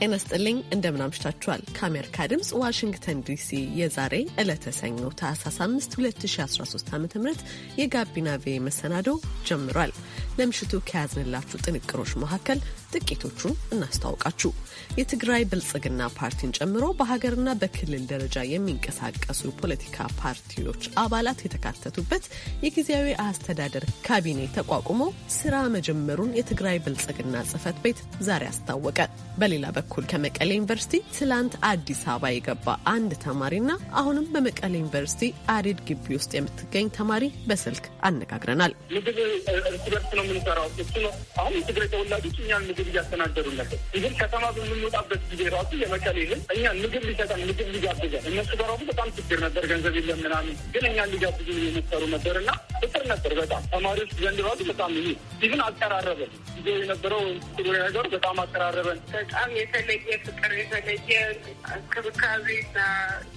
ጤና ስጥልኝ እንደምናምሽታችኋል። ከአሜሪካ ድምፅ ዋሽንግተን ዲሲ የዛሬ ዕለተ ሰኞ ታህሳስ 5 2013 ዓ ም የጋቢና ቪ መሰናዶ ጀምሯል። ለምሽቱ ከያዝንላችሁ ጥንቅሮች መካከል ጥቂቶቹን እናስታውቃችሁ። የትግራይ ብልጽግና ፓርቲን ጨምሮ በሀገርና በክልል ደረጃ የሚንቀሳቀሱ ፖለቲካ ፓርቲዎች አባላት የተካተቱበት የጊዜያዊ አስተዳደር ካቢኔ ተቋቁሞ ስራ መጀመሩን የትግራይ ብልጽግና ጽህፈት ቤት ዛሬ አስታወቀ። በሌላ በኩል ከመቀሌ ዩኒቨርሲቲ ትላንት አዲስ አበባ የገባ አንድ ተማሪና አሁንም በመቀሌ ዩኒቨርሲቲ አሬድ ግቢ ውስጥ የምትገኝ ተማሪ በስልክ አነጋግረናል። ምግብ እርስ በርስ ነው የምንሰራው እሱ ነው። አሁን የትግራይ ተወላጆች እኛን ምግብ እያስተናገዱ ነበር። ይህን ከተማ በምንወጣበት ጊዜ ራሱ የመቀሌ ህዝብ እኛ ምግብ ሊሰጠን ምግብ ሊጋብዘን እነሱ በራሱ በጣም ችግር ነበር። ገንዘብ የለም ምናምን፣ ግን እኛን ሊጋብዙ የመሰሩ ነበር እና ፍቅር ነበር በጣም ተማሪዎች ዘንድ ራሱ በጣም ይ ይህን አቀራረበን ጊዜ የነበረው ትግራይ ነገሩ በጣም አቀራረበን በጣም የተለየ ፍቅር የተለየ እንክብካቤና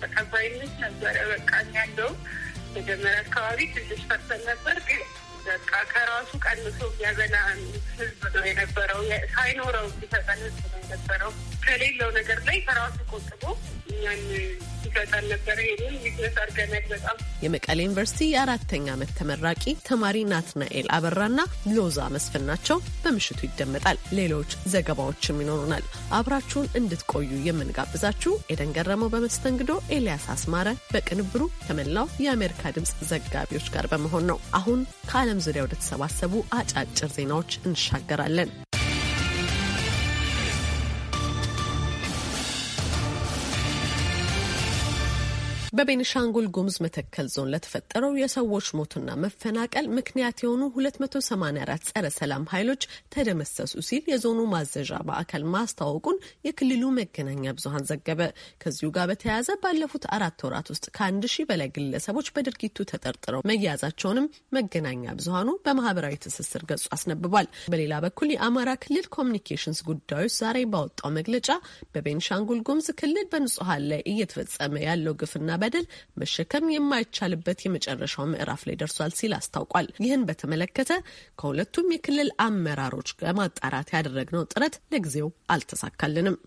ተቀባይነት ነበረ። በቃ ያለው መጀመሪያ አካባቢ ትንሽ ፈርተን ነበር ግን በቃ ከራሱ ቀንሶ የሚያዘና ህዝብ ነው የነበረው። ሳይኖረው የሚሰጠን ህዝብ ነው የነበረው። ከሌለው ነገር ላይ ከራሱ ቆጥቦ እኛን ነበረ። ቢዝነስ በጣም የመቀሌ ዩኒቨርሲቲ የአራተኛ ዓመት ተመራቂ ተማሪ ናትናኤል አበራና ሎዛ መስፍን ናቸው። በምሽቱ ይደመጣል። ሌሎች ዘገባዎችም ይኖሩናል። አብራችሁን እንድትቆዩ የምንጋብዛችሁ ኤደን ገረመው በመስተንግዶ ኤልያስ አስማረ በቅንብሩ ከመላው የአሜሪካ ድምፅ ዘጋቢዎች ጋር በመሆን ነው። አሁን ከዓለም ዙሪያ ወደተሰባሰቡ አጫጭር ዜናዎች እንሻገራለን። በቤኒሻንጉል ጉሙዝ መተከል ዞን ለተፈጠረው የሰዎች ሞትና መፈናቀል ምክንያት የሆኑ 284 ጸረ ሰላም ኃይሎች ተደመሰሱ ሲል የዞኑ ማዘዣ ማዕከል ማስታወቁን የክልሉ መገናኛ ብዙኃን ዘገበ። ከዚሁ ጋር በተያያዘ ባለፉት አራት ወራት ውስጥ ከአንድ ሺህ በላይ ግለሰቦች በድርጊቱ ተጠርጥረው መያዛቸውንም መገናኛ ብዙኃኑ በማህበራዊ ትስስር ገጹ አስነብቧል። በሌላ በኩል የአማራ ክልል ኮሚኒኬሽንስ ጉዳዮች ዛሬ ባወጣው መግለጫ በቤንሻንጉል ጉሙዝ ክልል በንጹሀን ላይ እየተፈጸመ ያለው ግፍና በደል መሸከም የማይቻልበት የመጨረሻው ምዕራፍ ላይ ደርሷል ሲል አስታውቋል። ይህን በተመለከተ ከሁለቱም የክልል አመራሮች ለማጣራት ያደረግነው ጥረት ለጊዜው አልተሳካልንም።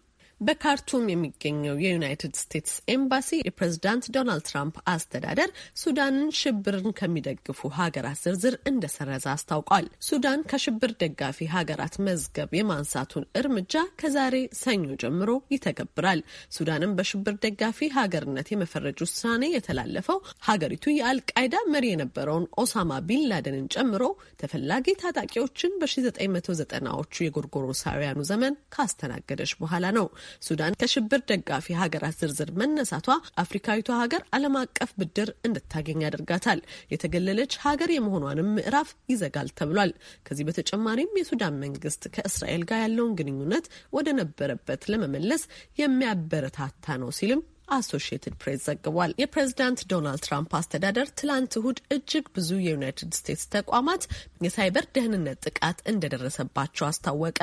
በካርቱም የሚገኘው የዩናይትድ ስቴትስ ኤምባሲ የፕሬዝዳንት ዶናልድ ትራምፕ አስተዳደር ሱዳንን ሽብርን ከሚደግፉ ሀገራት ዝርዝር እንደሰረዘ አስታውቋል። ሱዳን ከሽብር ደጋፊ ሀገራት መዝገብ የማንሳቱን እርምጃ ከዛሬ ሰኞ ጀምሮ ይተገብራል። ሱዳንን በሽብር ደጋፊ ሀገርነት የመፈረጅ ውሳኔ የተላለፈው ሀገሪቱ የአልቃይዳ መሪ የነበረውን ኦሳማ ቢን ላደንን ጨምሮ ተፈላጊ ታጣቂዎችን በ1990ዎቹ የጎርጎሮሳውያኑ ዘመን ካስተናገደች በኋላ ነው። ሱዳን ከሽብር ደጋፊ ሀገራት ዝርዝር መነሳቷ አፍሪካዊቷ ሀገር ዓለም አቀፍ ብድር እንድታገኝ ያደርጋታል። የተገለለች ሀገር የመሆኗንም ምዕራፍ ይዘጋል ተብሏል። ከዚህ በተጨማሪም የሱዳን መንግስት ከእስራኤል ጋር ያለውን ግንኙነት ወደ ነበረበት ለመመለስ የሚያበረታታ ነው ሲልም አሶሺየትድ ፕሬስ ዘግቧል። የፕሬዝዳንት ዶናልድ ትራምፕ አስተዳደር ትላንት እሁድ እጅግ ብዙ የዩናይትድ ስቴትስ ተቋማት የሳይበር ደህንነት ጥቃት እንደደረሰባቸው አስታወቀ።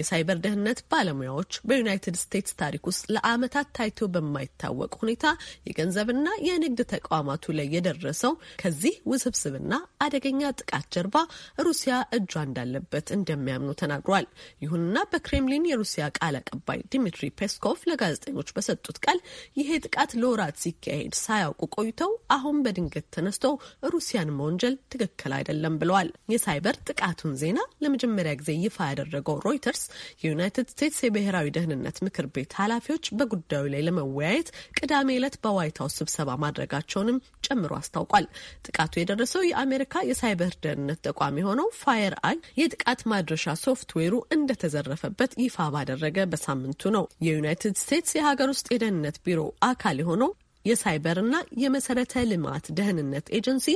የሳይበር ደህንነት ባለሙያዎች በዩናይትድ ስቴትስ ታሪክ ውስጥ ለዓመታት ታይቶ በማይታወቅ ሁኔታ የገንዘብና የንግድ ተቋማቱ ላይ የደረሰው ከዚህ ውስብስብና አደገኛ ጥቃት ጀርባ ሩሲያ እጇ እንዳለበት እንደሚያምኑ ተናግሯል። ይሁንና በክሬምሊን የሩሲያ ቃል አቀባይ ዲሚትሪ ፔስኮቭ ለጋዜጠኞች በሰጡት ቃል ይሄ ጥቃት ለወራት ሲካሄድ ሳያውቁ ቆይተው አሁን በድንገት ተነስተው ሩሲያን መወንጀል ትክክል አይደለም ብለዋል። የሳይበር ጥቃቱን ዜና ለመጀመሪያ ጊዜ ይፋ ያደረገው ሮይተርስ የዩናይትድ ስቴትስ የብሔራዊ ደህንነት ምክር ቤት ኃላፊዎች በጉዳዩ ላይ ለመወያየት ቅዳሜ ዕለት በዋይት ሀውስ ስብሰባ ማድረጋቸውንም ጨምሮ አስታውቋል። ጥቃቱ የደረሰው የአሜሪካ የሳይበር ደህንነት ተቋም የሆነው ፋየር አይ የጥቃት ማድረሻ ሶፍትዌሩ እንደተዘረፈበት ይፋ ባደረገ በሳምንቱ ነው። የዩናይትድ ስቴትስ የሀገር ውስጥ የደህንነት ቢሮ አካል የሆነው የሳይበር ና የመሰረተ ልማት ደህንነት ኤጀንሲ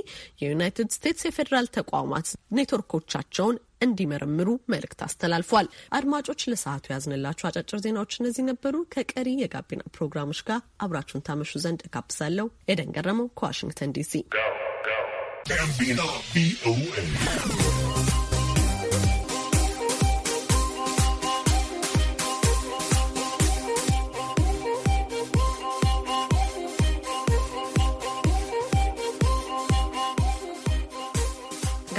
የዩናይትድ ስቴትስ የፌዴራል ተቋማት ኔትወርኮቻቸውን እንዲመረምሩ መልእክት አስተላልፏል። አድማጮች ለሰዓቱ ያዝንላችሁ አጫጭር ዜናዎች እነዚህ ነበሩ። ከቀሪ የጋቢና ፕሮግራሞች ጋር አብራችሁን ታመሹ ዘንድ እጋብዛለሁ። ኤደን ገረመው ከዋሽንግተን ዲሲ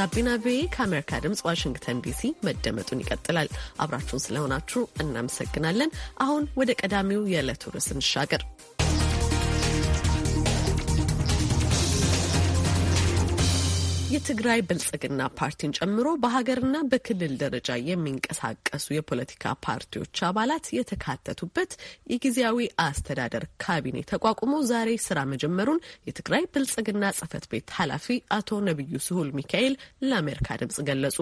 ጋቢና ቪ ከአሜሪካ ድምፅ ዋሽንግተን ዲሲ መደመጡን ይቀጥላል። አብራችሁን ስለሆናችሁ እናመሰግናለን። አሁን ወደ ቀዳሚው የዕለቱ ርዕስ እንሻገር። የትግራይ ብልጽግና ፓርቲን ጨምሮ በሀገርና በክልል ደረጃ የሚንቀሳቀሱ የፖለቲካ ፓርቲዎች አባላት የተካተቱበት የጊዜያዊ አስተዳደር ካቢኔ ተቋቁሞ ዛሬ ስራ መጀመሩን የትግራይ ብልጽግና ጽህፈት ቤት ኃላፊ አቶ ነቢዩ ስሁል ሚካኤል ለአሜሪካ ድምጽ ገለጹ።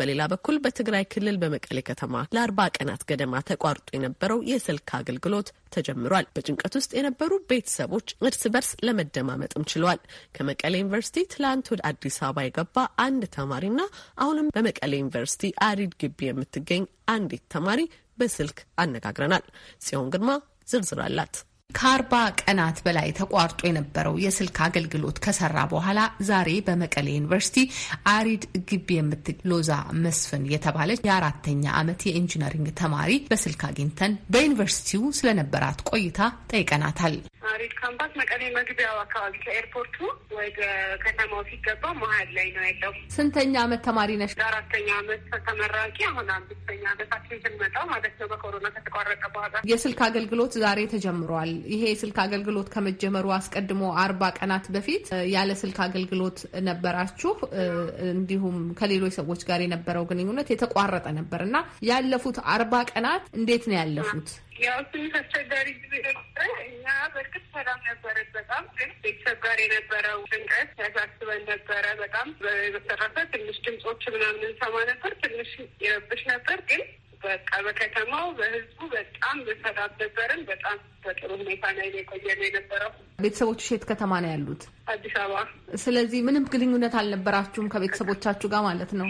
በሌላ በኩል በትግራይ ክልል በመቀሌ ከተማ ለአርባ ቀናት ገደማ ተቋርጦ የነበረው የስልክ አገልግሎት ተጀምሯል። በጭንቀት ውስጥ የነበሩ ቤተሰቦች እርስ በርስ ለመደማመጥም ችለዋል። ከመቀሌ ዩኒቨርሲቲ ትላንት ወደ አዲስ አበባ አበባ የገባ አንድ ተማሪና አሁንም በመቀሌ ዩኒቨርሲቲ አሪድ ግቢ የምትገኝ አንዲት ተማሪ በስልክ አነጋግረናል። ጽዮን ግርማ ዝርዝር አላት። ከአርባ ቀናት በላይ ተቋርጦ የነበረው የስልክ አገልግሎት ከሰራ በኋላ ዛሬ በመቀሌ ዩኒቨርሲቲ አሪድ ግቢ የምትሎዛ መስፍን የተባለች የአራተኛ ዓመት የኢንጂነሪንግ ተማሪ በስልክ አግኝተን በዩኒቨርሲቲው ስለነበራት ቆይታ ጠይቀናታል። ካምፓስ መቀሌ መግቢያው አካባቢ ከኤርፖርቱ ወደ ከተማው ሲገባ መሀል ላይ ነው ያለው። ስንተኛ አመት ተማሪ ነሽ? አራተኛ አመት ተመራቂ፣ አሁን አምስተኛ አመታችን ስንመጣው ማለት ነው። በኮሮና ከተቋረጠ በኋላ የስልክ አገልግሎት ዛሬ ተጀምሯል። ይሄ የስልክ አገልግሎት ከመጀመሩ አስቀድሞ አርባ ቀናት በፊት ያለ ስልክ አገልግሎት ነበራችሁ፣ እንዲሁም ከሌሎች ሰዎች ጋር የነበረው ግንኙነት የተቋረጠ ነበር እና ያለፉት አርባ ቀናት እንዴት ነው ያለፉት? ያው ትንሽ አስቸጋሪ ጊዜ ነበረ። እኛ በእርግጥ ሰላም ነበረ በጣም ግን ቤተሰብ ጋር የነበረው ጭንቀት ያሳስበን ነበረ በጣም። በተረፈ ትንሽ ድምፆች ምናምን እንሰማ ነበር፣ ትንሽ ይረብሽ ነበር። ግን በቃ በከተማው በህዝቡ በጣም በሰላም ነበረን በጣም በጥሩ ሁኔታ ላይ የቆየ ነው የነበረው። ቤተሰቦችሽ የት ከተማ ነው ያሉት? አዲስ አበባ። ስለዚህ ምንም ግንኙነት አልነበራችሁም ከቤተሰቦቻችሁ ጋር ማለት ነው?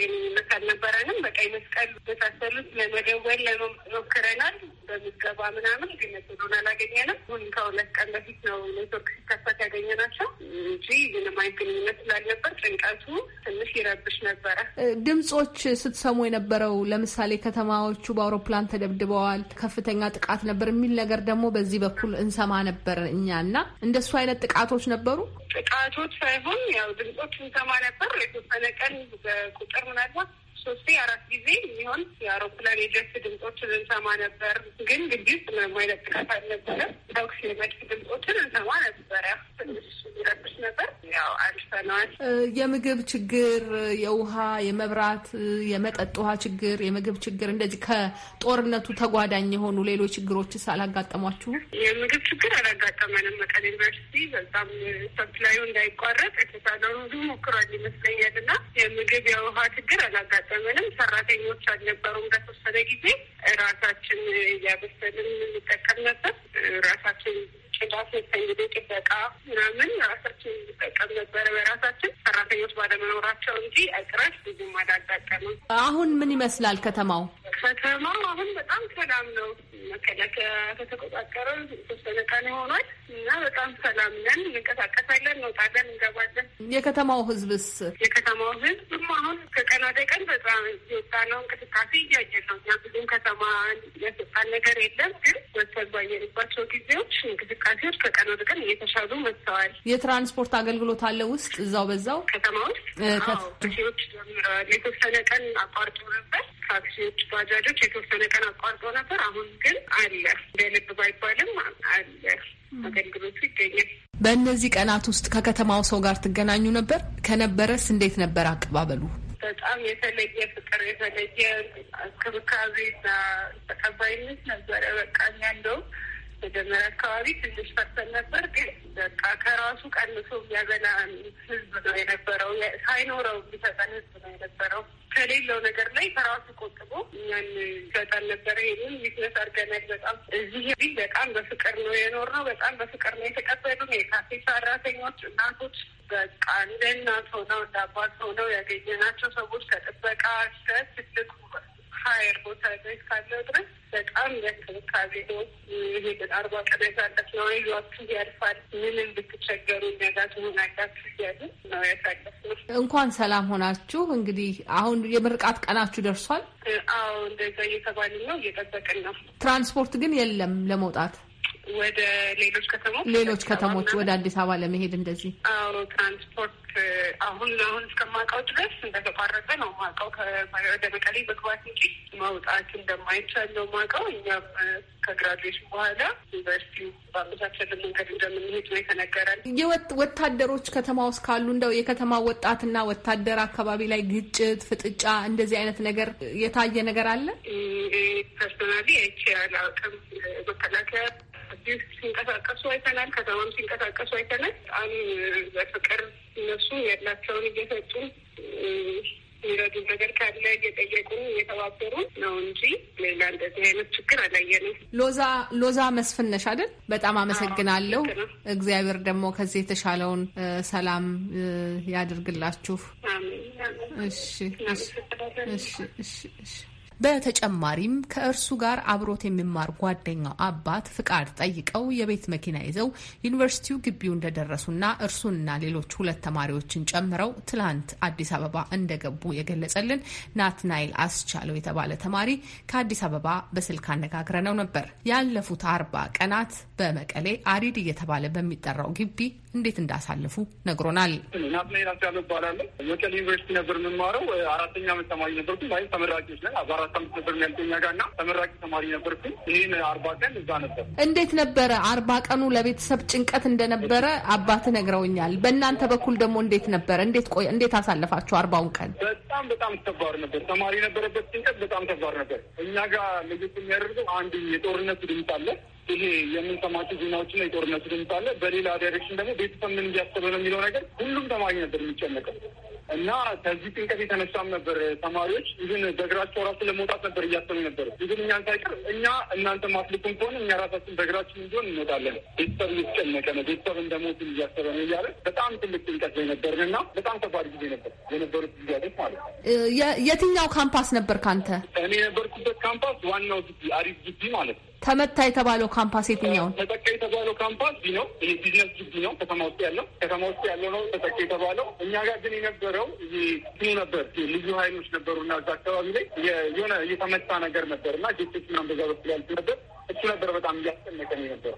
ግንኙነት አልነበረንም። በቀይ መስቀል የመሳሰሉት ለመደወል ሞክረናል፣ በምዝገባ ምናምን ግን ሆን አላገኘንም። ሁን ከሁለት ቀን በፊት ነው ኔትወርክ ሲከፈት ናቸው እንጂ ምንም አይነት ግንኙነት ስላልነበር ጭንቀቱ ትንሽ ይረብሽ ነበረ። ድምጾች ስትሰሙ የነበረው ለምሳሌ ከተማዎቹ በአውሮፕላን ተደብድበዋል፣ ከፍተኛ ጥቃት ነበር የሚል ነገር ነገር ደግሞ በዚህ በኩል እንሰማ ነበር እኛ እና እንደሱ አይነት ጥቃቶች ነበሩ። ጥቃቶች ሳይሆን ያው ድምፆች እንሰማ ነበር የተወሰነ ቀን በቁጥር ምናልባት ሶስቴ አራት ጊዜ የሚሆን የአውሮፕላን የጀት ድምፆችን እንሰማ ነበር። ግን ግቢ ውስጥ ምንም አይነት ጥቃት አልነበረም። ተኩስ የመድፍ ድምፆችን እንሰማ ነበረ። ትንሽ ረብሽ ነበር። ያው አልፈነዋል። የምግብ ችግር፣ የውሃ፣ የመብራት፣ የመጠጥ ውሃ ችግር፣ የምግብ ችግር እንደዚህ ከጦርነቱ ተጓዳኝ የሆኑ ሌሎች ችግሮችስ አላጋጠሟችሁ? የምግብ ችግር አላጋጠመንም። መቀሌ ዩኒቨርሲቲ በጣም ሰፕላዩ እንዳይቋረጥ የተሳደሩ ሞክሯል ይመስለኛል እና የምግብ የውሃ ችግር አላጋጠመ አልተጠቀምንም። ሰራተኞች አልነበሩም። በተወሰነ ጊዜ ራሳችን እያበሰልን እንጠቀም ነበር። ራሳችን ቅዳት እንግዲህ ጥበቃ ምናምን ራሳችን እንጠቀም ነበረ። በራሳችን ሰራተኞች ባለመኖራቸው እንጂ እጥረት ብዙም አላጋጠመም። አሁን ምን ይመስላል ከተማው? ከተማው አሁን በጣም ሰላም ነው። መከላከያ ከተቆጣጠረ የተወሰነ ቀን ሆኗል እና በጣም ሰላም ነን። እንንቀሳቀሳለን፣ እንወጣለን፣ እንገባለን። የከተማው ህዝብስ? የከተማው ህዝብም አሁን ከቀን ወደ ቀን በጣም የወጣ ነው። እንቅስቃሴ እያየ ነው እና ብዙም ከተማ ያስወጣን ነገር የለም። ግን መሰል ባየንባቸው ጊዜዎች እንቅስቃሴዎች ከቀን ወደ ቀን እየተሻሉ መጥተዋል። የትራንስፖርት አገልግሎት አለ ውስጥ እዛው በዛው ከተማ ውስጥ ታክሲዎች ጀምረዋል። የተወሰነ ቀን አቋርጦ ነበር ታክሲዎች አዛዦች የተወሰነ ቀን አቋርጦ ነበር። አሁን ግን አለ፣ በልብ ልብ ባይባልም አለ፣ አገልግሎቱ ይገኛል። በእነዚህ ቀናት ውስጥ ከከተማው ሰው ጋር ትገናኙ ነበር? ከነበረስ እንዴት ነበር አቀባበሉ? በጣም የተለየ ፍቅር፣ የተለየ ክብካቤና ተቀባይነት ነበረ። በቃ እኛ እንደውም መጀመሪያ አካባቢ ትንሽ ፈርተን ነበር፣ ግን በቃ ከራሱ ቀንሶ የሚያዘና ህዝብ ነው የነበረው። ሳይኖረው የሚሰጠን ህዝብ ነው የነበረው። ከሌለው ነገር ላይ ከራሱ ቆጥቦ እኛን ይሰጠን ነበረ። ይህንን ቢዝነስ አድርገናል። በጣም እዚህ ቢ በጣም በፍቅር ነው የኖርነው። በጣም በፍቅር ነው የተቀበሉን የካፌ ሰራተኞች፣ እናቶች በቃ እንደ እናት ሆነው እንደ አባት ሆነው ያገኘናቸው ሰዎች ከጥበቃ እስከ ትልቁ ሀየር ቦታ ላይ ካለው ድረስ በጣም ለእንክብካቤ ነው። ይሄ አርባ ቀን ያሳለፍ ነው። ይዟችሁ ያልፋል። ምንም ብትቸገሩ ነጋት ሆን አላችሁ እያሉ ነው ያሳለፍ እንኳን ሰላም ሆናችሁ። እንግዲህ አሁን የምርቃት ቀናችሁ ደርሷል። አዎ እንደዛ እየተባልን ነው፣ እየጠበቅን ነው። ትራንስፖርት ግን የለም ለመውጣት ወደ ሌሎች ከተሞች ሌሎች ከተሞች ወደ አዲስ አበባ ለመሄድ እንደዚህ ትራንስፖርት አሁን አሁን እስከማውቀው ድረስ እንደተቋረጠ ነው ማውቀው። ወደ መቀሌ መግባት እንጂ መውጣት እንደማይቻል ነው ማውቀው። እኛም ከግራጁዌሽን በኋላ ዩኒቨርሲቲው በአመቻቸልን መንገድ እንደምንሄድ ነው የተነገረን። ወታደሮች ከተማ ውስጥ ካሉ እንደው የከተማ ወጣትና ወታደር አካባቢ ላይ ግጭት፣ ፍጥጫ እንደዚህ አይነት ነገር የታየ ነገር አለ? ፐርሶናሊ አይቼ አላውቅም። መከላከያ እዚህ ሲንቀሳቀሱ አይተናል። ከተማም ሲንቀሳቀሱ አይተናል። በጣም በፍቅር እነሱ ያላቸውን እየሰጡ የሚረዱ ነገር ካለ እየጠየቁን እየተባበሩ ነው እንጂ ሌላ እንደዚህ አይነት ችግር አላየንም። ሎዛ ሎዛ መስፍነሽ አይደል? በጣም አመሰግናለሁ። እግዚአብሔር ደግሞ ከዚህ የተሻለውን ሰላም ያድርግላችሁ። እሺ እሺ እሺ እሺ በተጨማሪም ከእርሱ ጋር አብሮት የሚማር ጓደኛው አባት ፍቃድ ጠይቀው የቤት መኪና ይዘው ዩኒቨርሲቲው ግቢው እንደደረሱና እርሱንና ሌሎች ሁለት ተማሪዎችን ጨምረው ትላንት አዲስ አበባ እንደገቡ የገለጸልን ናትናይል አስቻለው የተባለ ተማሪ ከአዲስ አበባ በስልክ አነጋግረነው ነው ነበር። ያለፉት አርባ ቀናት በመቀሌ አሪድ እየተባለ በሚጠራው ግቢ እንዴት እንዳሳለፉ ነግሮናል። ናትናኤል አስያለው እባላለሁ። መቀሌ ዩኒቨርሲቲ ነበር የምማረው። አራተኛ ዓመት ተማሪ ነበርኩ። ይም ተመራቂዎች ነን። አራት ዓመት ነበር የሚያልቀኛ ጋር እና ተመራቂ ተማሪ ነበርኩ። ይህን አርባ ቀን እዛ ነበር። እንዴት ነበረ አርባ ቀኑ? ለቤተሰብ ጭንቀት እንደነበረ አባት ነግረውኛል። በእናንተ በኩል ደግሞ እንዴት ነበረ? እንዴት ቆይ እንዴት አሳለፋችሁ አርባውን ቀን? በጣም በጣም ከባድ ነበር። ተማሪ የነበረበት ጭንቀት በጣም ከባድ ነበር። እኛ ጋር ልዩት የሚያደርገው አንድ የጦርነቱ ድምፅ አለ ይሄ የምንሰማቸው ዜናዎችና የጦርነት ድምፅ አለ። በሌላ ዳይሬክሽን ደግሞ ቤተሰብ ምን እያሰበ ነው የሚለው ነገር ሁሉም ተማሪ ነበር የሚጨነቀው እና ከዚህ ጥንቀት የተነሳም ነበር ተማሪዎች ይህን በእግራቸው ራሱ ለመውጣት ነበር እያሰቡ ነበር። ይህን እኛን ሳይቀር እኛ እናንተ ማስልኩም ከሆነ እኛ ራሳችን በእግራችን እንዲሆን እንወጣለን፣ ቤተሰብ እየተጨነቀ ነው፣ ቤተሰብ ሞት እያሰበ ነው እያለ በጣም ትልቅ ጥንቀት ላይ ነበርን እና በጣም ከባድ ጊዜ ነበር የነበሩት ጊዜያቶች ማለት ነው። የትኛው ካምፓስ ነበር ከአንተ? እኔ የነበርኩበት ካምፓስ ዋናው ግቢ አሪፍ ግቢ ማለት ነው ተመታ የተባለው ካምፓስ የትኛውን? ተጠቃ የተባለው ካምፓስ ዚ ነው። ይህ ቢዝነስ ግቢ ነው፣ ከተማ ውስጥ ያለው ከተማ ውስጥ ያለው ነው ተጠቃ የተባለው። እኛ ጋር ግን የነበረው ስኑ ነበር፣ ልዩ ኃይሎች ነበሩ እና እዛ አካባቢ ላይ የሆነ የተመታ ነገር ነበር እና ጌቶች ምናምን በዛ በኩል ያልኩ ነበር እሱ ነበር በጣም እያስጨነቀን ነበሩ።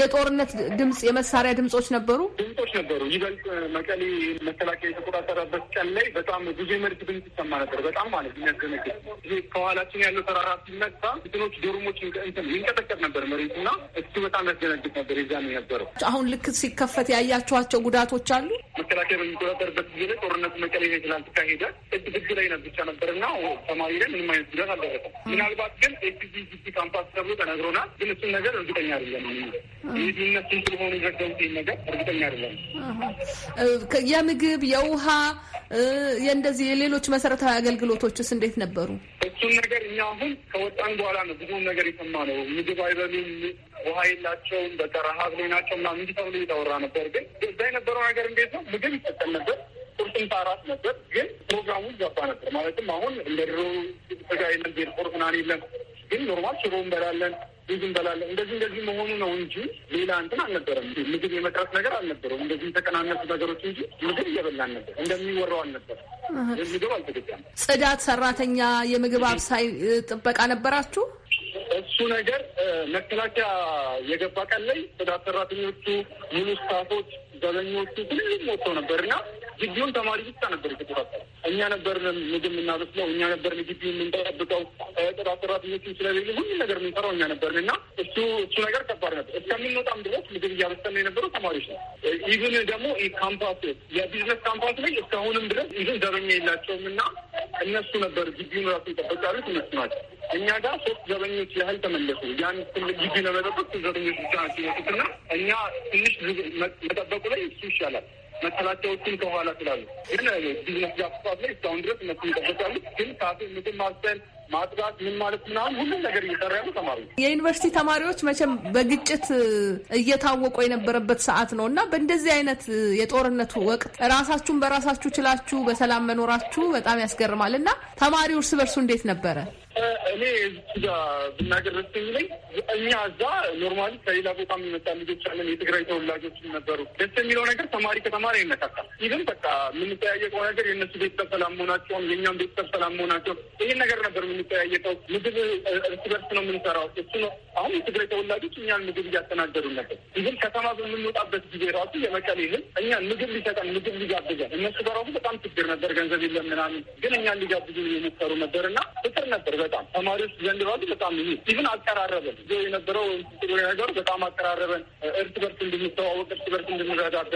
የጦርነት ድምፅ፣ የመሳሪያ ድምፆች ነበሩ ድምፆች ነበሩ። ይበልጥ መቀሌ መከላከያ የተቆጣጠረበት ቀን ላይ በጣም ብዙ የመሬት ድምፅ ይሰማ ነበር። በጣም ማለት የሚያስገነግል ይሄ ከኋላችን ያለው ተራራ ሲመጣ እንትኖች ዶርሞች እንትን ይንቀጠቀጥ ነበር መሬቱና እሱ በጣም ያስደነግጥ ነበር። የዛኔ ነበረው። አሁን ልክ ሲከፈት ያያችኋቸው ጉዳቶች አሉ መከላከያ በሚቆጣጠርበት ጊዜ ላይ ጦርነቱ መቀሌ ላይ ስላልተካሄደ እድግግ ላይ ብቻ ነበር እና ተማሪ ላይ ምንም አይነት ጉዳት አልደረሰም። ምናልባት ግን ኤፒጂ ካምፓስ ተብሎ ተነግሮናል። ግን እሱን ነገር እርግጠኛ አይደለም። ይህ ስለሆኑ ዘገቡት ነገር እርግጠኛ አይደለም። የምግብ የውሃ የእንደዚህ የሌሎች መሰረታዊ አገልግሎቶችስ እንዴት ነበሩ? እሱን ነገር እኛ አሁን ከወጣን በኋላ ነው ብዙ ነገር የሰማ ነው። ምግብ አይበሉም ውሃ የላቸውም፣ በቃ ረሀብ ላይ ናቸው ምናምን እንዲህ ተብሎ የተወራ ነበር። ግን እዛ የነበረው ነገር እንዴት ነው? ምግብ ይሰጠን ነበር፣ ቁርስም ታራት ነበር። ግን ፕሮግራሙ ይገባ ነበር። ማለትም አሁን እንደ ድሮ ስጋ የለም፣ ዜር ቁርስ ምናምን የለም። ግን ኖርማል ሽሮ እንበላለን ይህ እንበላለን እንደዚህ እንደዚህ መሆኑ ነው እንጂ ሌላ እንትን አልነበረም። ምግብ የመቅረት ነገር አልነበረም እንደዚህ የተቀናነሱ ነገሮች እንጂ ምግብ እየበላን ነበር። እንደሚወራው አልነበረም። ምግብ አልተገዛም። ጽዳት ሰራተኛ፣ የምግብ አብሳይ፣ ጥበቃ ነበራችሁ? እሱ ነገር መከላከያ የገባ ቀን ላይ ጽዳት ሰራተኞቹ፣ ሙሉ ስታፎች፣ ዘበኞቹ ሁሉም ወጥተው ነበርና ግቢውን ተማሪ ብቻ ነበር የተቆጣጠረ። እኛ ነበር ምግብ የምናበስለው፣ እኛ ነበር ግቢ የምንጠብቀው። ጥራት ሰራተኞችን ስለሌሉ ሁሉ ነገር የምንሰራው እኛ ነበርን እና እሱ እሱ ነገር ከባድ ነበር። እስከምንወጣም ድረስ ምግብ እያበሰልን የነበሩ ተማሪዎች ነው። ኢቭን ደግሞ ካምፓስ የቢዝነስ ካምፓስ ላይ እስካሁንም ድረስ ኢቭን ዘበኛ የላቸውም እና እነሱ ነበር ግቢውን ራሱ ይጠበቃሉት እነሱ ናቸው። እኛ ጋር ሶስት ዘበኞች ያህል ተመለሱ። ያን ትልቅ ግቢ ለመጠበቅ ዘበኞች ብቻ ናቸው እና እኛ ትንሽ መጠበቁ ላይ እሱ ይሻላል። መከላከያዎችን ከኋላ ስላሉ ግን ቢዝነስ ላይ እስካሁን ድረስ እነሱ ይጠበቃሉ። ግን ካፌ ምግብ ማጥራት ምን ማለት ምናምን ሁሉም ነገር እየሰራ ያሉ ተማሪዎች የዩኒቨርሲቲ ተማሪዎች መቼም በግጭት እየታወቁ የነበረበት ሰዓት ነው እና በእንደዚህ አይነት የጦርነቱ ወቅት ራሳችሁን በራሳችሁ ችላችሁ በሰላም መኖራችሁ በጣም ያስገርማል እና ተማሪው እርስ በርሱ እንዴት ነበረ? እኔ እዛ ብናገር ደስ የሚለኝ እኛ እዛ ኖርማሊ ከሌላ ቦታ የሚመጣ ልጆች አለን። የትግራይ ተወላጆች ነበሩ። ደስ የሚለው ነገር ተማሪ ከተማሪ አይነካካል። ኢቭን በቃ የምንጠያየቀው ነገር የእነሱ ቤተሰብ ሰላም መሆናቸውን የእኛም ቤተሰብ ሰላም መሆናቸው ይህን ነገር ነበር የምንጠያየቀው። ምግብ እርስ በርስ ነው የምንሰራው። እሱ ነው አሁን የትግራይ ተወላጆች እኛን ምግብ እያስተናገዱ ነበር። ኢቭን ከተማ በምንወጣበት ጊዜ ራሱ የመቀሌ ህዝብ እኛን ምግብ ሊሰጠን ምግብ ሊጋብዘን እነሱ በራሱ በጣም ችግር ነበር። ገንዘብ የለም ምናምን፣ ግን እኛን ሊጋብዙ የሞከሩ ነበር እና ፍቅር ነበር በጣም ተማሪዎች ዘንድ ባሉ በጣም ይ አቀራረበን እ የነበረው ነገሩ በጣም አቀራረበን፣ እርስ በርስ እንድንተዋወቅ፣ እርስ በርስ እንድንረዳዳ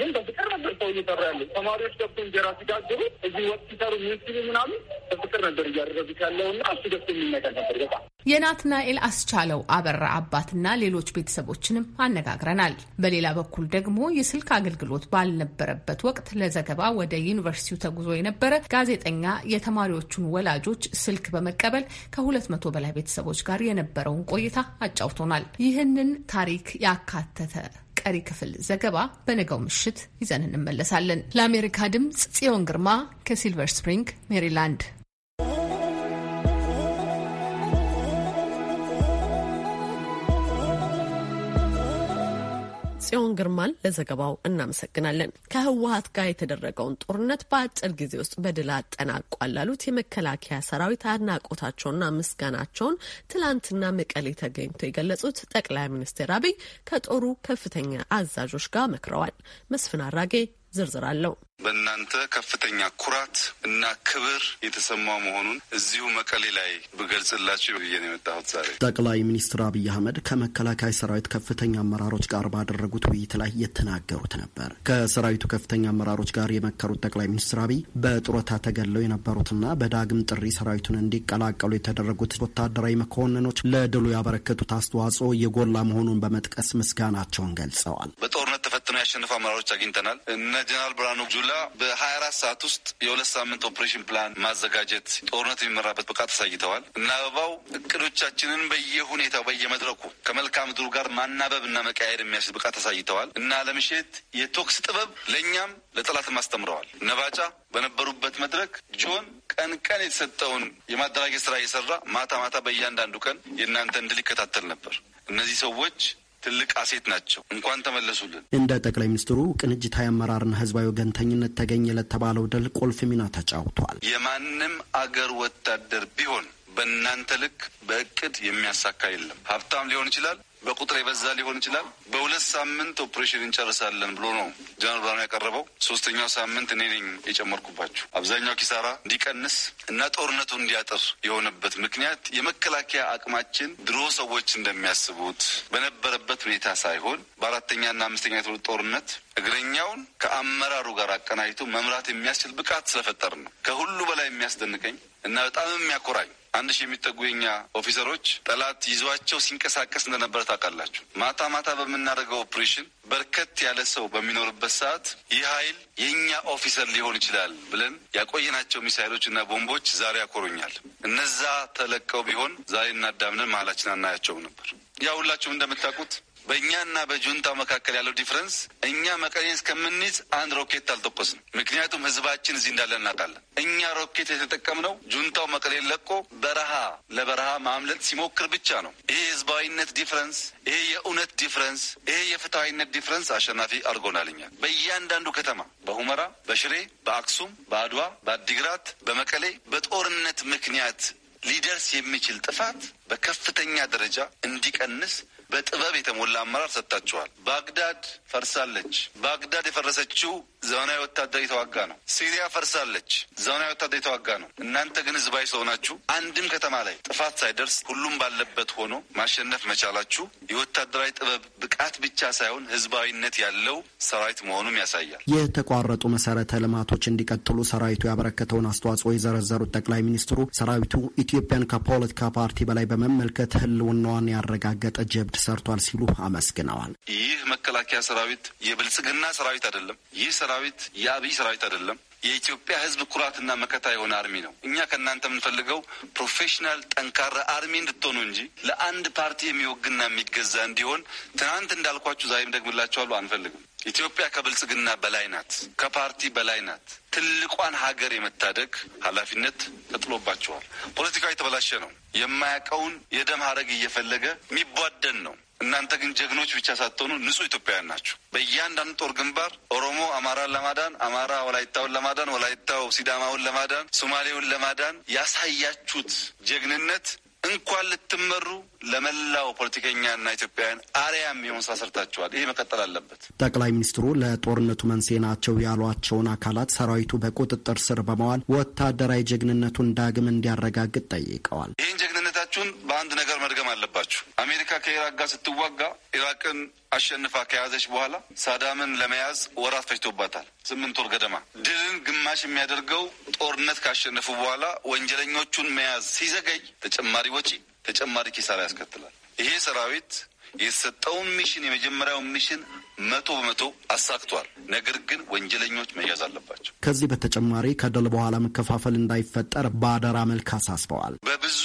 ግን በፍቅር ነበር ሰው እየሰራ ያለ ተማሪዎች ገብቶ እንጀራ ሲጋግሩ እዚህ ወጥ ሲሰሩ ሚኒስትሪ ምናምን በፍቅር ነበር እያደረጉት ያለው እና እሱ ገብቶ የሚነገር ነገር ነበር በጣም። የናትናኤል አስቻለው አበራ አባትና ሌሎች ቤተሰቦችንም አነጋግረናል። በሌላ በኩል ደግሞ የስልክ አገልግሎት ባልነበረበት ወቅት ለዘገባ ወደ ዩኒቨርሲቲው ተጉዞ የነበረ ጋዜጠኛ የተማሪዎቹን ወላጆች ስልክ በመቀበል ከሁለት መቶ በላይ ቤተሰቦች ጋር የነበረውን ቆይታ አጫውቶናል። ይህንን ታሪክ ያካተተ ቀሪ ክፍል ዘገባ በነገው ምሽት ይዘን እንመለሳለን። ለአሜሪካ ድምፅ ጽዮን ግርማ ከሲልቨር ስፕሪንግ ሜሪላንድ ጽዮን ግርማን ለዘገባው እናመሰግናለን። ከህወሀት ጋር የተደረገውን ጦርነት በአጭር ጊዜ ውስጥ በድል አጠናቋል ላሉት የመከላከያ ሰራዊት አድናቆታቸውና ምስጋናቸውን ትላንትና መቀሌ ተገኝቶ የገለጹት ጠቅላይ ሚኒስትር አብይ ከጦሩ ከፍተኛ አዛዦች ጋር መክረዋል። መስፍን አራጌ ዝርዝር አለው። በእናንተ ከፍተኛ ኩራት እና ክብር የተሰማ መሆኑን እዚሁ መቀሌ ላይ ብገልጽላችሁ ብዬ ነው የመጣሁት ዛሬ። ጠቅላይ ሚኒስትር አብይ አህመድ ከመከላከያ ሰራዊት ከፍተኛ አመራሮች ጋር ባደረጉት ውይይት ላይ የተናገሩት ነበር። ከሰራዊቱ ከፍተኛ አመራሮች ጋር የመከሩት ጠቅላይ ሚኒስትር አብይ በጡረታ ተገለው የነበሩትና በዳግም ጥሪ ሰራዊቱን እንዲቀላቀሉ የተደረጉት ወታደራዊ መኮንኖች ለድሉ ያበረከቱት አስተዋጽኦ የጎላ መሆኑን በመጥቀስ ምስጋናቸውን ገልጸዋል። በጦርነት ተፈትነው ያሸነፉ አመራሮች አግኝተናል። እነ ጀነራል ብርሃኑ ጅምላ በ24 ሰዓት ውስጥ የሁለት ሳምንት ኦፕሬሽን ፕላን ማዘጋጀት ጦርነት የሚመራበት ብቃት አሳይተዋል እና አበባው እቅዶቻችንን በየሁኔታው በየመድረኩ ከመልካም ምድሩ ጋር ማናበብ እና መቀያየር የሚያስችል ብቃት አሳይተዋል እና አለምሸት የቶክስ ጥበብ ለእኛም ለጠላትም አስተምረዋል። ነባጫ በነበሩበት መድረክ ጆን ቀን ቀን የተሰጠውን የማደራጀት ስራ እየሰራ ማታ ማታ በእያንዳንዱ ቀን የእናንተ እንድል ይከታተል ነበር። እነዚህ ሰዎች ትልቅ አሴት ናቸው። እንኳን ተመለሱልን። እንደ ጠቅላይ ሚኒስትሩ ቅንጅታዊ አመራርና ህዝባዊ ወገንተኝነት ተገኘ ለተባለው ድል ቁልፍ ሚና ተጫውቷል። የማንም አገር ወታደር ቢሆን በእናንተ ልክ በእቅድ የሚያሳካ የለም። ሀብታም ሊሆን ይችላል፣ በቁጥር የበዛ ሊሆን ይችላል። በሁለት ሳምንት ኦፕሬሽን እንጨርሳለን ብሎ ነው ጀነራል ብርሃኑ ያቀረበው። ሶስተኛው ሳምንት እኔ ነኝ የጨመርኩባቸው። አብዛኛው ኪሳራ እንዲቀንስ እና ጦርነቱ እንዲያጥር የሆነበት ምክንያት የመከላከያ አቅማችን ድሮ ሰዎች እንደሚያስቡት በነበረበት ሁኔታ ሳይሆን በአራተኛና አምስተኛ የትውልድ ጦርነት እግረኛውን ከአመራሩ ጋር አቀናጅቶ መምራት የሚያስችል ብቃት ስለፈጠር ነው። ከሁሉ በላይ የሚያስደንቀኝ እና በጣም የሚያኮራኝ አንድ ሺህ የሚጠጉ የኛ ኦፊሰሮች ጠላት ይዟቸው ሲንቀሳቀስ እንደነበረ ታውቃላችሁ። ማታ ማታ በምናደርገው ኦፕሬሽን በርከት ያለ ሰው በሚኖርበት ሰዓት ይህ ኃይል የእኛ ኦፊሰር ሊሆን ይችላል ብለን ያቆየናቸው ሚሳይሎች እና ቦምቦች ዛሬ ያኮሩኛል። እነዛ ተለቀው ቢሆን ዛሬ እናዳምነን መሀላችን አናያቸውም ነበር። ያ ሁላችሁም እንደምታውቁት በእኛና በጁንታው መካከል ያለው ዲፍረንስ እኛ መቀሌን እስከምንይዝ አንድ ሮኬት አልተኮስም። ምክንያቱም ህዝባችን እዚህ እንዳለ እናውቃለን። እኛ ሮኬት የተጠቀምነው ጁንታው መቀሌን ለቆ በረሃ ለበረሃ ማምለጥ ሲሞክር ብቻ ነው። ይሄ የህዝባዊነት ዲፍረንስ፣ ይሄ የእውነት ዲፍረንስ፣ ይሄ የፍትሐዊነት ዲፍረንስ አሸናፊ አድርጎናልኛል። በእያንዳንዱ ከተማ በሁመራ፣ በሽሬ፣ በአክሱም፣ በአድዋ፣ በአዲግራት፣ በመቀሌ በጦርነት ምክንያት ሊደርስ የሚችል ጥፋት በከፍተኛ ደረጃ እንዲቀንስ በጥበብ የተሞላ አመራር ሰጥታችኋል። ባግዳድ ፈርሳለች። ባግዳድ የፈረሰችው ዘመናዊ ወታደር የተዋጋ ነው። ሲሪያ ፈርሳለች፣ ዘመናዊ ወታደር የተዋጋ ነው። እናንተ ግን ህዝባዊ ሰው ናችሁ። አንድም ከተማ ላይ ጥፋት ሳይደርስ ሁሉም ባለበት ሆኖ ማሸነፍ መቻላችሁ የወታደራዊ ጥበብ ብቃት ብቻ ሳይሆን ህዝባዊነት ያለው ሰራዊት መሆኑም ያሳያል። የተቋረጡ መሰረተ ልማቶች እንዲቀጥሉ ሰራዊቱ ያበረከተውን አስተዋጽኦ የዘረዘሩት ጠቅላይ ሚኒስትሩ ሰራዊቱ ኢትዮጵያን ከፖለቲካ ፓርቲ በላይ በመመልከት ህልውናዋን ያረጋገጠ ጀብድ ሰርቷል ሲሉ አመስግነዋል። ይህ መከላከያ ሰራዊት የብልጽግና ሰራዊት አይደለም። ይህ ሰራዊት የአብይ ሰራዊት አይደለም። የኢትዮጵያ ሕዝብ ኩራትና መከታ የሆነ አርሚ ነው። እኛ ከእናንተ የምንፈልገው ፕሮፌሽናል ጠንካራ አርሚ እንድትሆኑ እንጂ ለአንድ ፓርቲ የሚወግና የሚገዛ እንዲሆን ትናንት እንዳልኳችሁ ዛሬም ደግምላችኋለሁ አንፈልግም። ኢትዮጵያ ከብልጽግና በላይ ናት፣ ከፓርቲ በላይ ናት። ትልቋን ሀገር የመታደግ ኃላፊነት ተጥሎባቸዋል ፖለቲካዊ የተበላሸ ነው። የማያውቀውን የደም ሀረግ እየፈለገ የሚቧደን ነው። እናንተ ግን ጀግኖች ብቻ ሳትሆኑ ንጹህ ኢትዮጵያውያን ናችሁ። በእያንዳንዱ ጦር ግንባር ኦሮሞ አማራን ለማዳን፣ አማራ ወላይታውን ለማዳን፣ ወላይታው ሲዳማውን ለማዳን፣ ሶማሌውን ለማዳን ያሳያችሁት ጀግንነት እንኳን ልትመሩ ለመላው ፖለቲከኛና ኢትዮጵያውያን አርያ የሚሆን ስራ ሰርታችኋል። ይህ መቀጠል አለበት። ጠቅላይ ሚኒስትሩ ለጦርነቱ መንስኤ ናቸው ያሏቸውን አካላት ሰራዊቱ በቁጥጥር ስር በመዋል ወታደራዊ ጀግንነቱን ዳግም እንዲያረጋግጥ ጠይቀዋል። ይህን ጀግንነታችሁን በአንድ ነገር መድገም አለባችሁ። አሜሪካ ከኢራቅ ጋር ስትዋጋ ኢራቅን አሸንፋ ከያዘች በኋላ ሳዳምን ለመያዝ ወራት ፈጅቶባታል። ስምንት ወር ገደማ። ድልን ግማሽ የሚያደርገው ጦርነት ካሸነፉ በኋላ ወንጀለኞቹን መያዝ ሲዘገይ ተጨማሪ ወጪ፣ ተጨማሪ ኪሳራ ያስከትላል። ይሄ ሰራዊት የተሰጠውን ሚሽን የመጀመሪያውን ሚሽን መቶ በመቶ አሳክቷል። ነገር ግን ወንጀለኞች መያዝ አለባቸው። ከዚህ በተጨማሪ ከድል በኋላ መከፋፈል እንዳይፈጠር በአደራ መልክ አሳስበዋል። በብዙ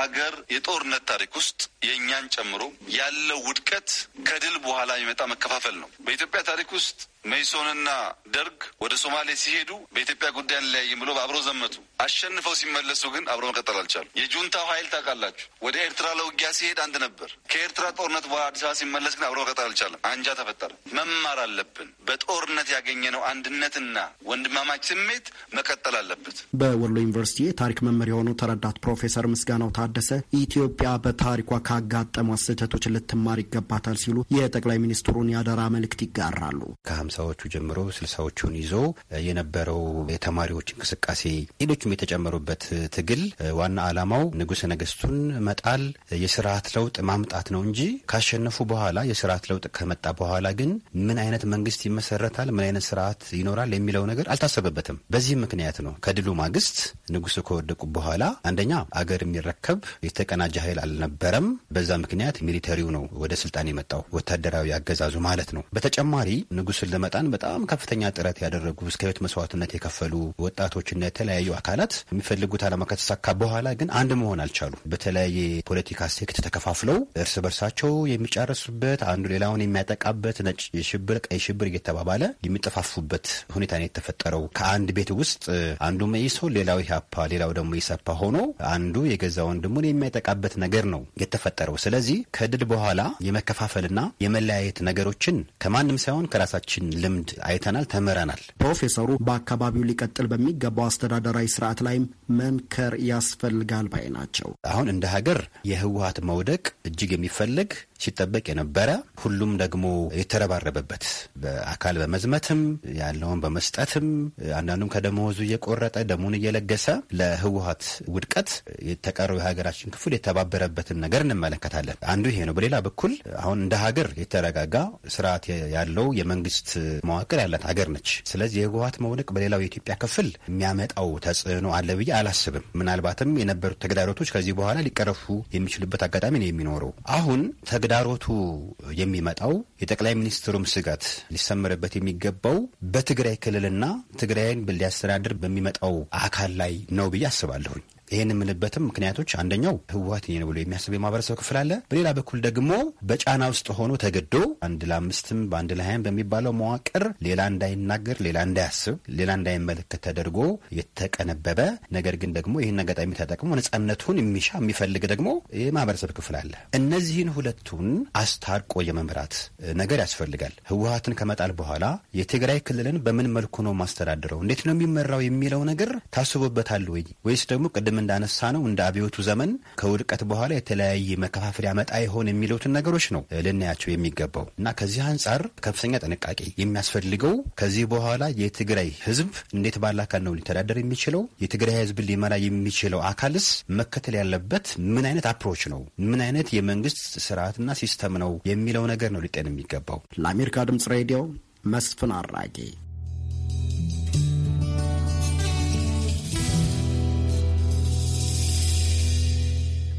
ሀገር የጦርነት ታሪክ ውስጥ የእኛን ጨምሮ ያለው ውድቀት ከድል በኋላ የሚመጣ መከፋፈል ነው። በኢትዮጵያ ታሪክ ውስጥ መይሶንና ደርግ ወደ ሶማሌ ሲሄዱ በኢትዮጵያ ጉዳይ አንለያይም ብሎ አብሮ ዘመቱ። አሸንፈው ሲመለሱ ግን አብሮ መቀጠል አልቻሉ። የጁንታው ኃይል ታውቃላችሁ፣ ወደ ኤርትራ ለውጊያ ሲሄድ አንድ ነበር። ከኤርትራ ጦርነት በኋላ አዲስ አበባ ሲመለስ ግን አብሮ መቀጠል አልቻለም። አንጃ ተፈጠረ። ነበር። መማር አለብን። በጦርነት ያገኘነው አንድነትና ወንድማማች ስሜት መቀጠል አለበት። በወሎ ዩኒቨርሲቲ የታሪክ መምህር የሆኑ ተረዳት ፕሮፌሰር ምስጋናው ታደሰ ኢትዮጵያ በታሪኳ ካጋጠሟት ስህተቶች ልትማር ይገባታል ሲሉ የጠቅላይ ሚኒስትሩን ያደራ መልእክት ይጋራሉ። ከሀምሳዎቹ ጀምሮ ስልሳዎቹን ይዞ የነበረው የተማሪዎች እንቅስቃሴ ሌሎችም የተጨመሩበት ትግል ዋና ዓላማው ንጉሠ ነገሥቱን መጣል፣ የስርዓት ለውጥ ማምጣት ነው እንጂ ካሸነፉ በኋላ የስርዓት ለውጥ ከመጣ በኋላ ግን ግን ምን አይነት መንግስት ይመሰረታል፣ ምን አይነት ስርዓት ይኖራል የሚለው ነገር አልታሰበበትም። በዚህ ምክንያት ነው ከድሉ ማግስት ንጉሱ ከወደቁ በኋላ አንደኛ አገር የሚረከብ የተቀናጀ ኃይል አልነበረም። በዛ ምክንያት ሚሊተሪው ነው ወደ ስልጣን የመጣው ወታደራዊ አገዛዙ ማለት ነው። በተጨማሪ ንጉስን ለመጣን በጣም ከፍተኛ ጥረት ያደረጉ እስከ መስዋዕትነት የከፈሉ ወጣቶችና የተለያዩ አካላት የሚፈልጉት ዓላማ ከተሳካ በኋላ ግን አንድ መሆን አልቻሉ። በተለያየ ፖለቲካ ሴክት ተከፋፍለው እርስ በርሳቸው የሚጫረሱበት አንዱ ሌላውን የሚያጠቃበት ነጭ ሽብር፣ ቀይ ሽብር እየተባባለ የሚጠፋፉበት ሁኔታ ነው የተፈጠረው። ከአንድ ቤት ውስጥ አንዱ መኢሶ፣ ሌላው ኢህአፓ፣ ሌላው ደግሞ ኢሰፓ ሆኖ አንዱ የገዛ ወንድሙን የሚያጠቃበት ነገር ነው የተፈጠረው። ስለዚህ ከድል በኋላ የመከፋፈልና የመለያየት ነገሮችን ከማንም ሳይሆን ከራሳችን ልምድ አይተናል፣ ተምረናል። ፕሮፌሰሩ በአካባቢው ሊቀጥል በሚገባው አስተዳደራዊ ስርዓት ላይም መምከር ያስፈልጋል ባይ ናቸው። አሁን እንደ ሀገር የህወሀት መውደቅ እጅግ የሚፈልግ ሲጠበቅ የነበረ ሁሉም ደግሞ የተረባረበበት በአካል በመዝመትም ያለውን በመስጠትም አንዳንዱም ከደመወዙ እየቆረጠ ደሙን እየለገሰ ለህወሀት ውድቀት የተቀረው የሀገራችን ክፍል የተባበረበትን ነገር እንመለከታለን። አንዱ ይሄ ነው። በሌላ በኩል አሁን እንደ ሀገር የተረጋጋ ስርዓት ያለው የመንግስት መዋቅር ያላት ሀገር ነች። ስለዚህ የህወሀት መውደቅ በሌላው የኢትዮጵያ ክፍል የሚያመጣው ተጽዕኖ አለ ብዬ አላስብም። ምናልባትም የነበሩት ተግዳሮቶች ከዚህ በኋላ ሊቀረፉ የሚችሉበት አጋጣሚ ነው የሚኖረው አሁን ተዳሮቱ የሚመጣው የጠቅላይ ሚኒስትሩም ስጋት ሊሰመርበት የሚገባው በትግራይ ክልልና ትግራይን ሊያስተዳድር በሚመጣው አካል ላይ ነው ብዬ አስባለሁኝ። ይህን የምንበትም ምክንያቶች አንደኛው ህወሀት ነው ብሎ የሚያስብ የማህበረሰብ ክፍል አለ። በሌላ በኩል ደግሞ በጫና ውስጥ ሆኖ ተገዶ አንድ ለአምስትም በአንድ ለሀያም በሚባለው መዋቅር ሌላ እንዳይናገር፣ ሌላ እንዳያስብ፣ ሌላ እንዳይመለከት ተደርጎ የተቀነበበ ነገር ግን ደግሞ ይህን አጋጣሚ ተጠቅሞ ነጻነቱን የሚሻ የሚፈልግ ደግሞ የማህበረሰብ ክፍል አለ። እነዚህን ሁለቱን አስታርቆ የመምራት ነገር ያስፈልጋል። ህወሀትን ከመጣል በኋላ የትግራይ ክልልን በምን መልኩ ነው ማስተዳድረው፣ እንዴት ነው የሚመራው የሚለው ነገር ታስቦበታል ወይ ወይስ ደግሞ ቅድም እንዳነሳ ነው እንደ አብዮቱ ዘመን ከውድቀት በኋላ የተለያየ መከፋፈል ያመጣ ይሆን የሚሉትን ነገሮች ነው ልናያቸው የሚገባው እና ከዚህ አንጻር ከፍተኛ ጥንቃቄ የሚያስፈልገው ከዚህ በኋላ የትግራይ ህዝብ እንዴት ባለ አካል ነው ሊተዳደር የሚችለው የትግራይ ህዝብን ሊመራ የሚችለው አካልስ መከተል ያለበት ምን አይነት አፕሮች ነው ምን አይነት የመንግስት ስርዓትና ሲስተም ነው የሚለው ነገር ነው ሊጤን የሚገባው። ለአሜሪካ ድምጽ ሬዲዮ መስፍን አራጌ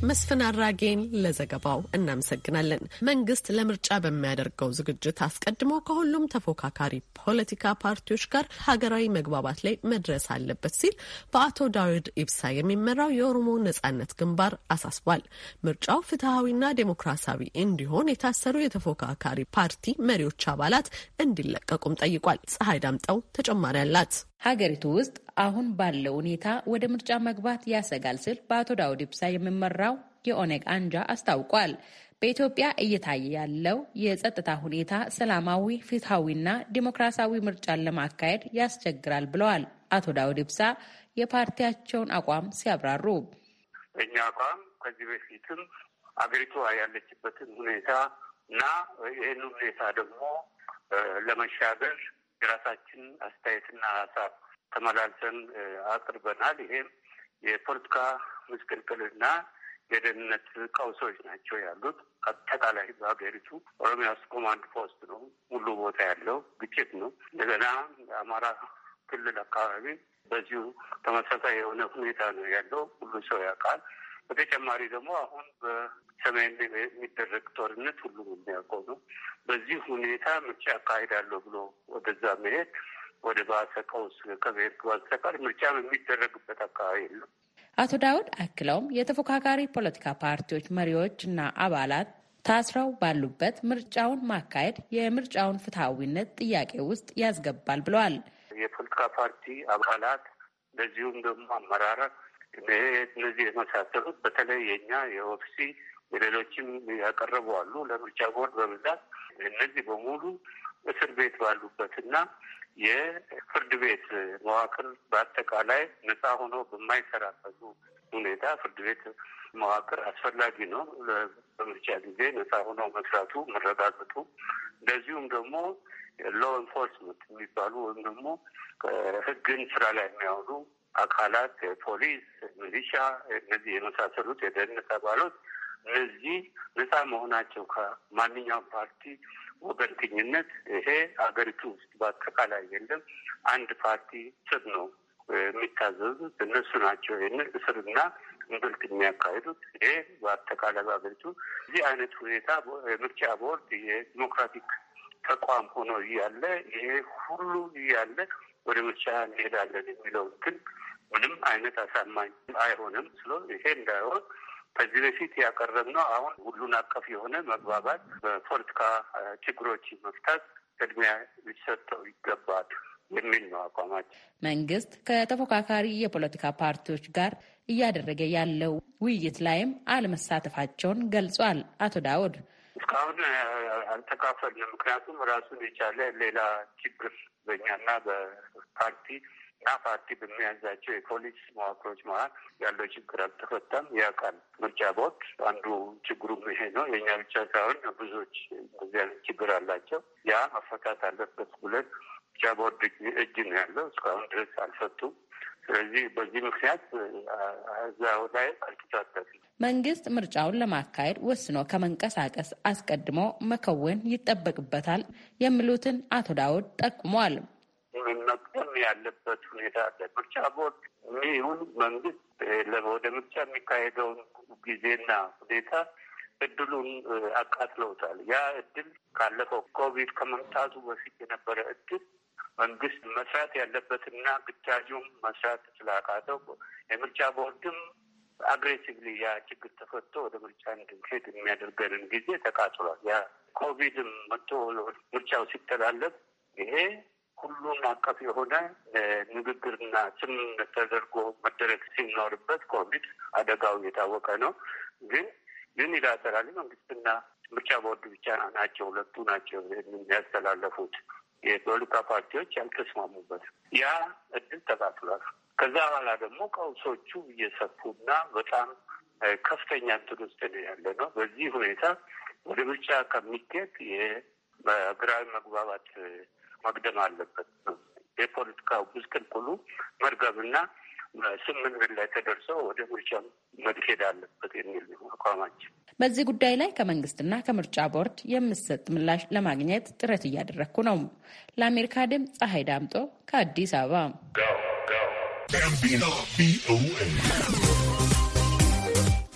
መስፍን አራጌን ለዘገባው እናመሰግናለን። መንግስት ለምርጫ በሚያደርገው ዝግጅት አስቀድሞ ከሁሉም ተፎካካሪ ፖለቲካ ፓርቲዎች ጋር ሀገራዊ መግባባት ላይ መድረስ አለበት ሲል በአቶ ዳዊድ ኢብሳ የሚመራው የኦሮሞ ነጻነት ግንባር አሳስቧል። ምርጫው ፍትሐዊና ዴሞክራሲያዊ እንዲሆን የታሰሩ የተፎካካሪ ፓርቲ መሪዎች አባላት እንዲለቀቁም ጠይቋል። ፀሐይ ዳምጠው ተጨማሪ አላት። ሀገሪቱ ውስጥ አሁን ባለው ሁኔታ ወደ ምርጫ መግባት ያሰጋል ስል በአቶ ዳውድ ኢብሳ የሚመራው የኦነግ አንጃ አስታውቋል። በኢትዮጵያ እየታየ ያለው የጸጥታ ሁኔታ ሰላማዊ፣ ፍትሐዊና ዲሞክራሲያዊ ምርጫን ለማካሄድ ያስቸግራል ብለዋል አቶ ዳውድ ኢብሳ የፓርቲያቸውን አቋም ሲያብራሩ እኛ አቋም ከዚህ በፊትም አገሪቱ ያለችበትን ሁኔታ እና ይህን ሁኔታ ደግሞ ለመሻገር የራሳችን አስተያየትና ሀሳብ ተመላልሰን አቅርበናል። ይሄም የፖለቲካ ምስቅልቅልና የደህንነት ቀውሶች ናቸው ያሉት። አጠቃላይ በሀገሪቱ ኦሮሚያ ውስጥ ኮማንድ ፖስት ነው ሙሉ ቦታ ያለው ግጭት ነው። እንደገና የአማራ ክልል አካባቢ በዚሁ ተመሳሳይ የሆነ ሁኔታ ነው ያለው። ሁሉ ሰው ያውቃል። በተጨማሪ ደግሞ አሁን በሰሜን የሚደረግ ጦርነት ሁሉም የሚያውቀው ነው። በዚህ ሁኔታ ምርጫ አካሄዳለሁ ብሎ ወደዛ መሄድ ወደ ባሰ ቀውስ ከመሄድ በስተቀር ምርጫ የሚደረግበት አካባቢ የለም። አቶ ዳውድ አክለውም የተፎካካሪ ፖለቲካ ፓርቲዎች መሪዎች እና አባላት ታስረው ባሉበት ምርጫውን ማካሄድ የምርጫውን ፍትሐዊነት ጥያቄ ውስጥ ያስገባል ብለዋል። የፖለቲካ ፓርቲ አባላት እንደዚሁም ደግሞ አመራራት እነዚህ የመሳሰሉት በተለይ የእኛ የኦፍሲ የሌሎችም ያቀረቡ አሉ ለምርጫ ቦርድ በብዛት እነዚህ በሙሉ እስር ቤት ባሉበት ባሉበትና የፍርድ ቤት መዋቅር በአጠቃላይ ነፃ ሆኖ በማይሰራበት ሁኔታ ፍርድ ቤት መዋቅር አስፈላጊ ነው። በምርጫ ጊዜ ነፃ ሆኖ መስራቱ መረጋገጡ፣ እንደዚሁም ደግሞ ሎ ኢንፎርስመንት የሚባሉ ወይም ደግሞ ሕግን ስራ ላይ የሚያውሉ አካላት ፖሊስ፣ ሚሊሻ፣ እነዚህ የመሳሰሉት የደህንነት አባሎት እነዚህ ነፃ መሆናቸው ከማንኛውም ፓርቲ ወገንተኝነት ይሄ አገሪቱ ውስጥ በአጠቃላይ የለም። አንድ ፓርቲ ስር ነው የሚታዘዙት እነሱ ናቸው። ይህን እስርና እንብልት የሚያካሂዱት ይሄ በአጠቃላይ በሀገሪቱ እዚህ አይነት ሁኔታ የምርጫ ቦርድ የዲሞክራቲክ ተቋም ሆኖ እያለ ይሄ ሁሉ እያለ ወደ ምርጫ እንሄዳለን የሚለው ግን ምንም አይነት አሳማኝ አይሆንም። ስለ ይሄ እንዳይሆን ከዚህ በፊት ያቀረብነው አሁን ሁሉን አቀፍ የሆነ መግባባት በፖለቲካ ችግሮች መፍታት ቅድሚያ ሊሰጠው ይገባል የሚል ነው አቋማችን። መንግስት ከተፎካካሪ የፖለቲካ ፓርቲዎች ጋር እያደረገ ያለው ውይይት ላይም አለመሳተፋቸውን ገልጿል። አቶ ዳውድ እስካሁን አልተካፈልንም፣ ምክንያቱም ራሱን የቻለ ሌላ ችግር በእኛና በፓርቲ ና ፓርቲ በሚያዛቸው የፖሊስ መዋቅሮች መሀል ያለው ችግር አልተፈታም። ያውቃል ምርጫ ቦርድ አንዱ ችግሩ ይሄ ነው። የእኛ ብቻ ሳይሆን ብዙዎች እንደዚህ አይነት ችግር አላቸው። ያ መፈታት አለበት ብለን ብቻ ቦርድ እጅ ነው ያለው። እስካሁን ድረስ አልፈቱም። ስለዚህ በዚህ ምክንያት እዛው ላይ አልተሳተፍም። መንግስት ምርጫውን ለማካሄድ ወስኖ ከመንቀሳቀስ አስቀድሞ መከወን ይጠበቅበታል የሚሉትን አቶ ዳውድ ጠቁሟል። መመገም ያለበት ሁኔታ አለ። ምርጫ ቦርድ ይሁን መንግስት ወደ ምርጫ የሚካሄደውን ጊዜና ሁኔታ እድሉን አቃጥለውታል። ያ እድል ካለፈው ኮቪድ ከመምጣቱ በፊት የነበረ እድል መንግስት መስራት ያለበትና ግዳጁም መስራት ስላቃተው የምርጫ ቦርድም አግሬሲቭሊ ያ ችግር ተፈቶ ወደ ምርጫ እንድንሄድ የሚያደርገንን ጊዜ ተቃጥሏል። ያ ኮቪድም መጥቶ ምርጫው ሲተላለፍ ይሄ ሁሉን አቀፍ የሆነ ንግግርና ስምምነት ተደርጎ መደረግ ሲኖርበት ኮቪድ አደጋው የታወቀ ነው። ግን ዩኒላተራሊ መንግስትና ምርጫ ቦርድ ብቻ ናቸው ሁለቱ ናቸው ያስተላለፉት። የፖለቲካ ፓርቲዎች ያልተስማሙበት ያ እድል ተባክሏል። ከዛ በኋላ ደግሞ ቀውሶቹ እየሰፉና በጣም ከፍተኛ እንትን ውስጥ ነው ያለ ነው። በዚህ ሁኔታ ወደ ምርጫ ከሚኬድ የሀገራዊ መግባባት መግደም አለበት። የፖለቲካ ምስቅልቅሉ መርገብና ስምምነት ላይ ተደርሰው ወደ ምርጫ መሄድ አለበት የሚል አቋማችን። በዚህ ጉዳይ ላይ ከመንግስትና ከምርጫ ቦርድ የምሰጥ ምላሽ ለማግኘት ጥረት እያደረግኩ ነው። ለአሜሪካ ድምፅ ፀሐይ ዳምጦ ከአዲስ አበባ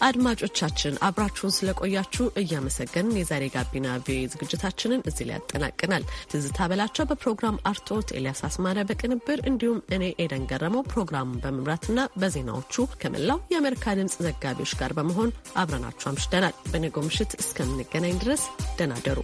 አድማጮቻችን አብራችሁን ስለቆያችሁ እያመሰገንን የዛሬ ጋቢና ቪኦኤ ዝግጅታችንን እዚህ ላይ ያጠናቅናል። ትዝታ በላቸው በፕሮግራም አርቶት፣ ኤልያስ አስማረ በቅንብር እንዲሁም እኔ ኤደን ገረመው ፕሮግራሙን በመምራትና በዜናዎቹ ከመላው የአሜሪካ ድምፅ ዘጋቢዎች ጋር በመሆን አብረናችሁ አምሽደናል። በነገው ምሽት እስከምንገናኝ ድረስ ደናደሩ።